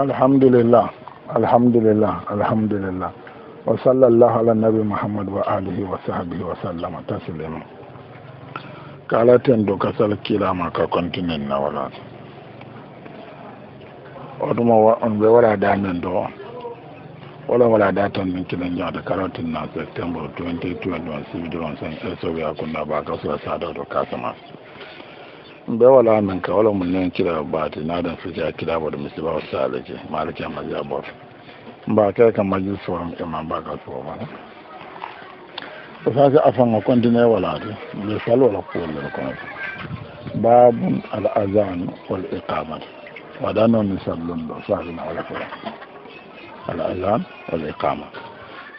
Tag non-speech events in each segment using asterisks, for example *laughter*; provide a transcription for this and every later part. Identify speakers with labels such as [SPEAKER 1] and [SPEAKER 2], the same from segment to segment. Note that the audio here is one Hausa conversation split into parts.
[SPEAKER 1] alhamdulillah alhamdulillah alhamdulillah wa sallallahu ala nabi muhammad wa alihi wa sahbihi wa sallama taslima kalaten do kasal kilama ka kontinen na wala wa on be wala damen do wala wala da tan min kilan jada karatin na september 2021 sibidiron san so sobe akunda ba sa da do kasama be wala men ka wala mun len kira baati na dan fija kira wa misba wa salaje malike maja bor ba ka maji majin suwan imam ba ka suwa ba to sa ga afan ko dine wala de be salo la ko le ko babun al azan wal iqamat wa danon sallon do sa na wala ko al azan wal iqamat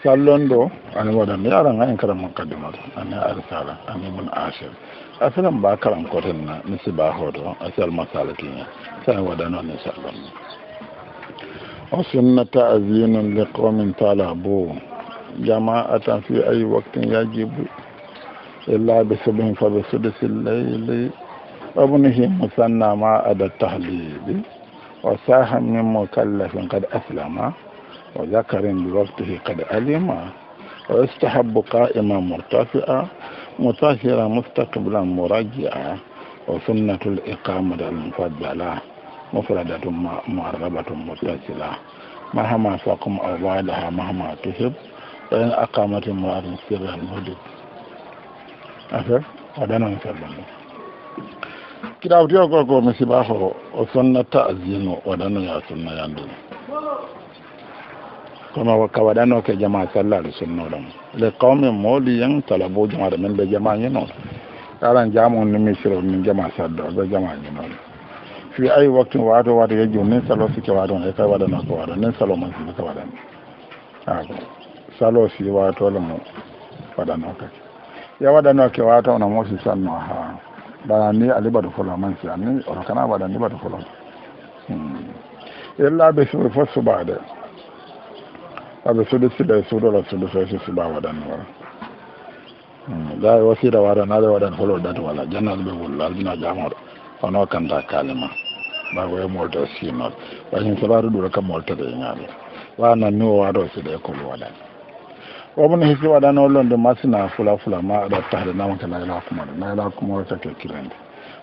[SPEAKER 1] sallon do ani wadanda yaran ayen karan mukaddimata ani arsala ani mun ashir asalan ba karan na Nisi ba hoto asal masalakin ya sai wadanda wani sallon ne. o sunna ta'zinun talabo talabu ta fi ayi ya yajibu illa bi subhin fa bi sudus al-layli وابنه مثنى da أدى التهليل وساهم من مكلف قد aslama وذكر بوقته قد علم ويستحب قائما مرتفعا مطهرا مستقبلا مرجعا وسنة الإقامة المفضلة مفردة معربة متصلة مهما فقم أو بعدها مهما تحب وإن أقامت امرأة سرا الهدد أفر ودنا نسلم كده أبتيا كوكو مسيباهو وسنة تأذين ودنا يا سنة يندل kono ko kawaɗano ke jama sallade sunnoɗon le qawmin mooli yen tala bo jamaɗo min ɓe jama ñinoon aran jamum ni misiro min jama saddo ɓe jama ñinoon fi ay waktu wato wato yejjum nin salo sike waɗon e kay waɗano ko waɗo nin salo man sike ko waɗani ako salo si watole mo waɗano kake ya waɗano ke wata ono mosi sanno ha ɓara ni alibaɗo folo man si anni oto kana waɗa libaɗo folo illa hmm. ɓe suɓe ba de. aɓe suɗi sila e suuɗola suɗi so si suba waɗanno wala ga hmm, e wasira waɗan aɗa waɗan da ɗati wala jannal ɓe wullo aljina jamoɗo ono kanta kalima su yi ɓago e molta sinoɗe ɓahin sabaru ɗuro kam moltata e Wa wana mi o ya siɗa waɗannan. kolo waɗani wobno hisi waɗano londe masina fula fula ma a da aɗa tahde namake layla kumaɗo layla kumaɗo kake kirande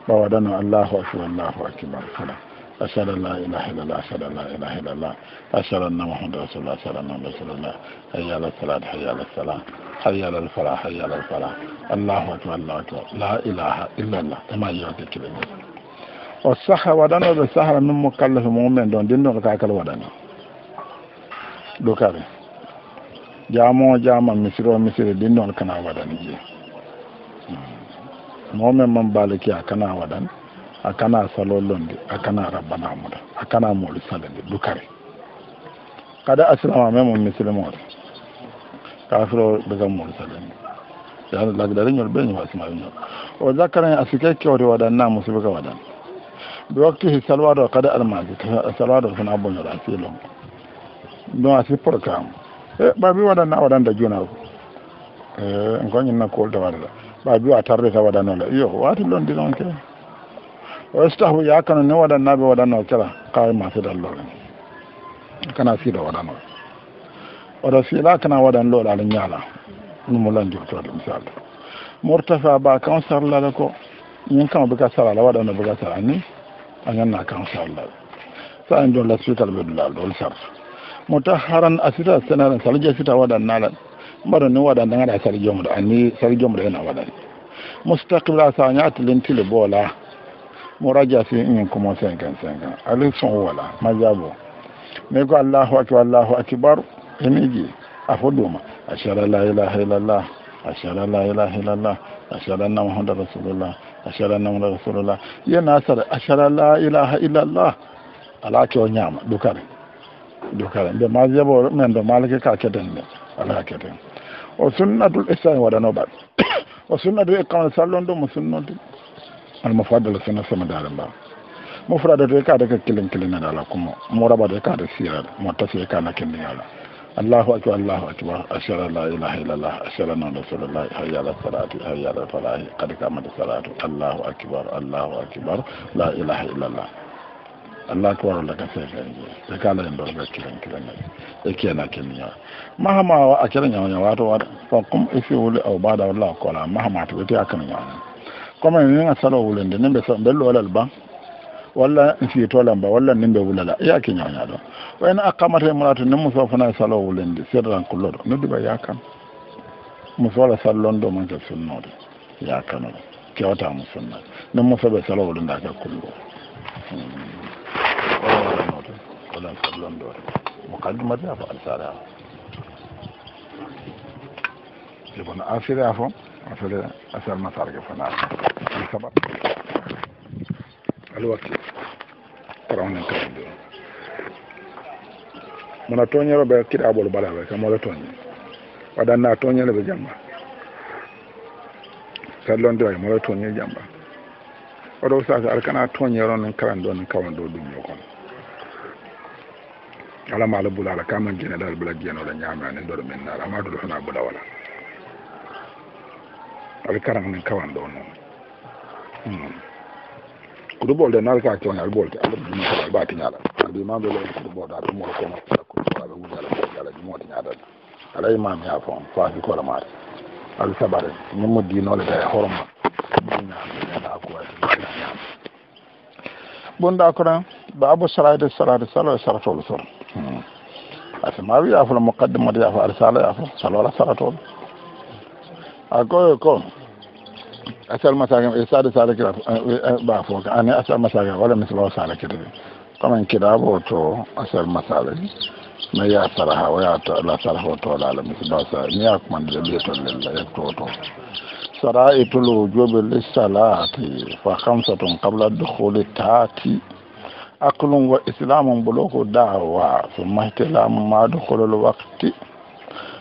[SPEAKER 1] ɓa waɗano allahu akbar allahu akbar fula أشهد أن لا إله إلا الله أشهد أن لا إله إلا الله أشهد أن محمد رسول الله أشهد أن رسول الله حي على الصلاة حي على الصلاة حي على الفلاح حي على الفلاح الله أكبر الله أكبر لا إله إلا الله كما يؤتي كلمة والصحة ودنا بالسحر من مكلف مؤمن دون دين دون كاكل ودنا دوكاري جامو جاما مصر ومصر دين دون كنا ودنا مؤمن من بالك يا كنا ودنا a kana salollonde a kana rabbana muda a kana moolu salinde dukare kada asilama men mum misilimooto kafiro ɓe kam moolu salinde yani lagdariñol ɓe ñofa asimaɓeñol o zakkarani asike kewte musu musibe ka waɗan ɓe waktihi salwaɗo kada almasi salwaɗo sona boñoɗa siilon ɗum asi programme e ɓabi waɗanna waɗanta e, na kowar da kolta waɗata ɓabi wa tarde ta waɗanola yo wati londi noon ke o istahu ya kanu ni waɗanna ɓe waɗanno kira kawai masu fiɗallore kana fi da fiiɗa waɗano fi fiila kana waɗan loɗaali ñaala numulan jurtode misali murtafa ba kan sarla da ko yin kama bika sarala waɗano bika sarani a yan na kan sarlade sa en jon laspital ɓe dulalɗo ol sar mutaharan asita senaɗen salji asita waɗannalan mara ni waɗan ɗagaɗa mu da anni sari jomuɗo ena waɗani mustaqbil a sa ñatilintili boola muraja sai in kuma senkan senkan alin sun wala majabo ne ko allahu akbar allahu a emiji afodoma ashara la ilaha illallah ashara la ilaha illallah ashara anna muhammad rasulullah ashara anna muhammad rasulullah yana asara ashara la ilaha illallah ala ke nyama dukare dukare be majabo men do malike ka keden ne ala ka keden o sunnatul islam wadano ba *coughs* o sunnatul iqam sallon do musunnati almufaddal suna sama dalin ba mufrada to ka daga kilin kilin na dala kuma muraba da ka da sirar mutasi ka na kin yala Allahu akbar Allahu akbar ashhadu la ilaha illallah ashhadu anna rasulullah hayya ala salati hayya ala falah qad qamat salatu Allahu akbar Allahu akbar la ilaha illallah Allah ka wara laka sai ka yi da kala yin barba kiran kiran ne yake na kin ya mahama wa a kiran ya wato wa fa kum ifi wuli au bada wallahi kola mahama to ita akan ya comme min a salo wulende nin wala ɓelɗo walal ban walla fiitolamba walla nin ɓe wulala yaki ñoñaɗo wayno akkamate murato nin muso fana salo wulende seeɗarankulloɗo nodduɓa yakan muso wala sallondo man ke sunnode yakanoɗo kewata mo sunnade nin musoɓe salo wulendaka kullo wala walanoɗo wala sallondore mukaddumate a fo alsare a ibon afiri a fo afiri asal masarke fana ci kaba alwakti karawnen karande on mona toñero ɓe kiɗaɓol baɗa ɓe kam ola toñe waɗanna toñele ɓe jamba sallondira jamba alama ala bula ala kama jene ɗa ala bula wala kawan Hmm. kudu bolde nar ka to nyal bolde ala dum ko ba ti nyala abi ma be lo kudu bolda to mo ko ma ko ko ala wuda ala bolda ala mo ti nyala ala imam ya fon fa fi ko la ma al sabare ni mo di no le da horma ni na na ko wa ti nyala bonda ko ran babu salatu salatu salatu salatu hmm. a afi ma wi ya fo muqaddimati ya fo arsala ya fo salatu salatu akoyo ko asal masaga e sade kira ɓa fof ani asal masaga walla misla o sala kitaɓe komin kiɗabo to asal masala mi ya saraha o ya la saraha o toolala misla sa mi ya kumandede ɓiye to lella yetto to saraitul wujubi lissalati fa hamsatun qabla dukhuli taati aqlum wa islamum ɓolo dawa summa ihtilamu ma dukhulul waqti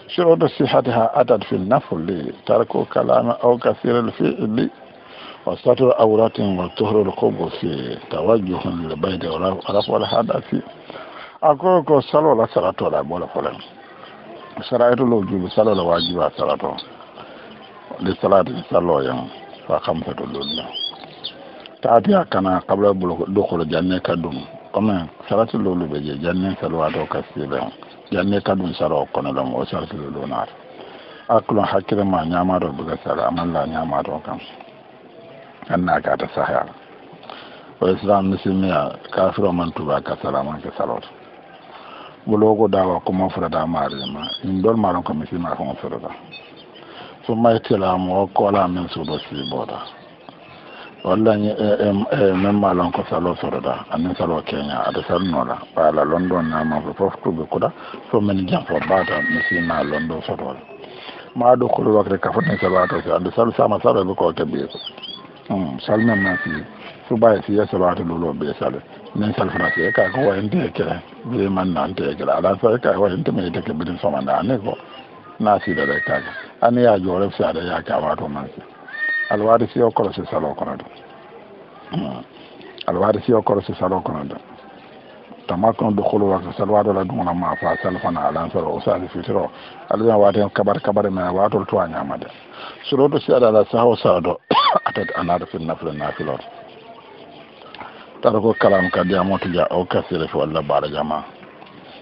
[SPEAKER 1] شروط صحتها أتت في النفل ترك كلام أو كثير الفعل وستر عورات وطهر الخبث توجه للبيت ورفع الحدث أكوكو صلوا لا صلاة ولا بولا فلان شرائط الوجوب صلوا لا واجب صلاة لصلاة صلوا يوم فخمسة الدنيا تأتي كنا قبل دخول الجنة كدوم كما صلاة الوجوب جنة صلوات كثيرة janne kadum sara o kono ɗon o sartide ɗo a' hakkulon hakili ma bɛ buga sara amalla ñamaɗo kam anna ta sahara o islam ya kafiro man tuba ka sara salota ɓologo dawa komo ta. marima ko da wa ko ko fura da so tila o kɔla min si siboɗa walla memma lon ko salo sodoɗa amin salo keña aɗa salnoɗa wala londo namafo foof tuɓe kuɗa so min jam fo bata mi sima londo sotole maɗo kolo wakre kafotni salata si ande sal sama saɗoɓe ko keɓɓiko sal men na si subaye siye salata lulo ɓe sale min salfana siye kay ko wayinte e kele wiman nante e kele aɗa sa kay wayinte mi yite keɓɓiɗin somande ani ko na siɗaɗe kaka ani ya joref si aɗa yake awato man si alwarisi o kɔlɔsi salo kɔnɔ dun alwarisi o kɔlɔsi salo kɔnɔ dun tama kɔnɔ dukolo wa salwa dɔ la dumuna ma fa sal fana alan sɔrɔ o sali fitiro ale bɛna waati kabari kabari mɛ a b'a tɔ to a ma dɛ soro to sira da la sa o sa dɔ *coughs* a tɛ a n'a fili nafolo nafolo tarko kalam ka di a mɔtu ja o ka sere fɔ la baara jama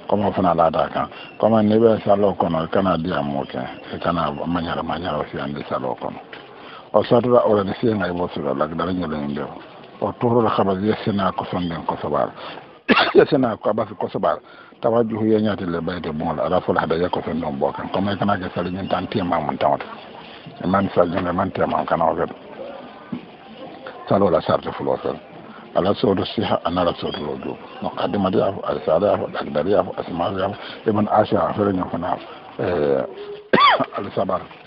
[SPEAKER 1] kɔmɔ fana la da kan kɔmɔ ne bɛ salo kɔnɔ i kana di a mɔ kɛ i kana maɲara maɲara o si an di salo kɔnɔ o satata orade siyengay mo sura lak dara ñolen ndew o tuhrol habar yessina ko sonden ko sobar yessina ko abasi ko sobar tawa juhu yeñatille ɓayde bugol ala fol haɗa yakko son ɗon ɓo kan comme kanake sali ñin tan tema mum tawata e man saljunde man temam kana o ken salola sarte fulo fen ala sodu siha anara sodulo du no kadimadi afo alsada afo ɗagdari afo asmafi afo ibn asia afere ñofona alsabar *coughs*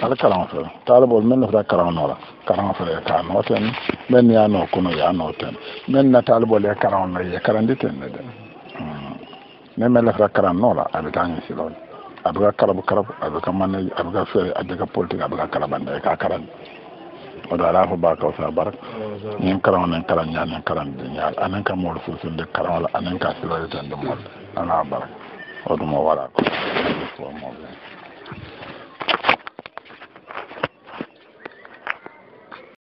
[SPEAKER 1] ala kalan fɛ taalibol min fɛ kalan nɔ la kalan fɛ k'a nɔ tɛn min y'a nɔ kunu y'a nɔ tɛn min na taalibol ye kalan nɔ ye kalandi tɛ ne dɛ ne mɛ lafiya kalan nɔ la a bɛ taa ɲɛsi la a bɛ ka karabu karabu a bɛ ka mane a bɛ ka fɛɛrɛ a bɛ ka politiki a bɛ ka kalabanda ye k'a kalandi o da ala fɔ ba ka fisa barak nin kalan nin kalan ɲa nin kalan den ɲa ani ka mɔli sunsun de kalan la ani ka sila de tɛn de mɔli ala barak o dun ma wala ko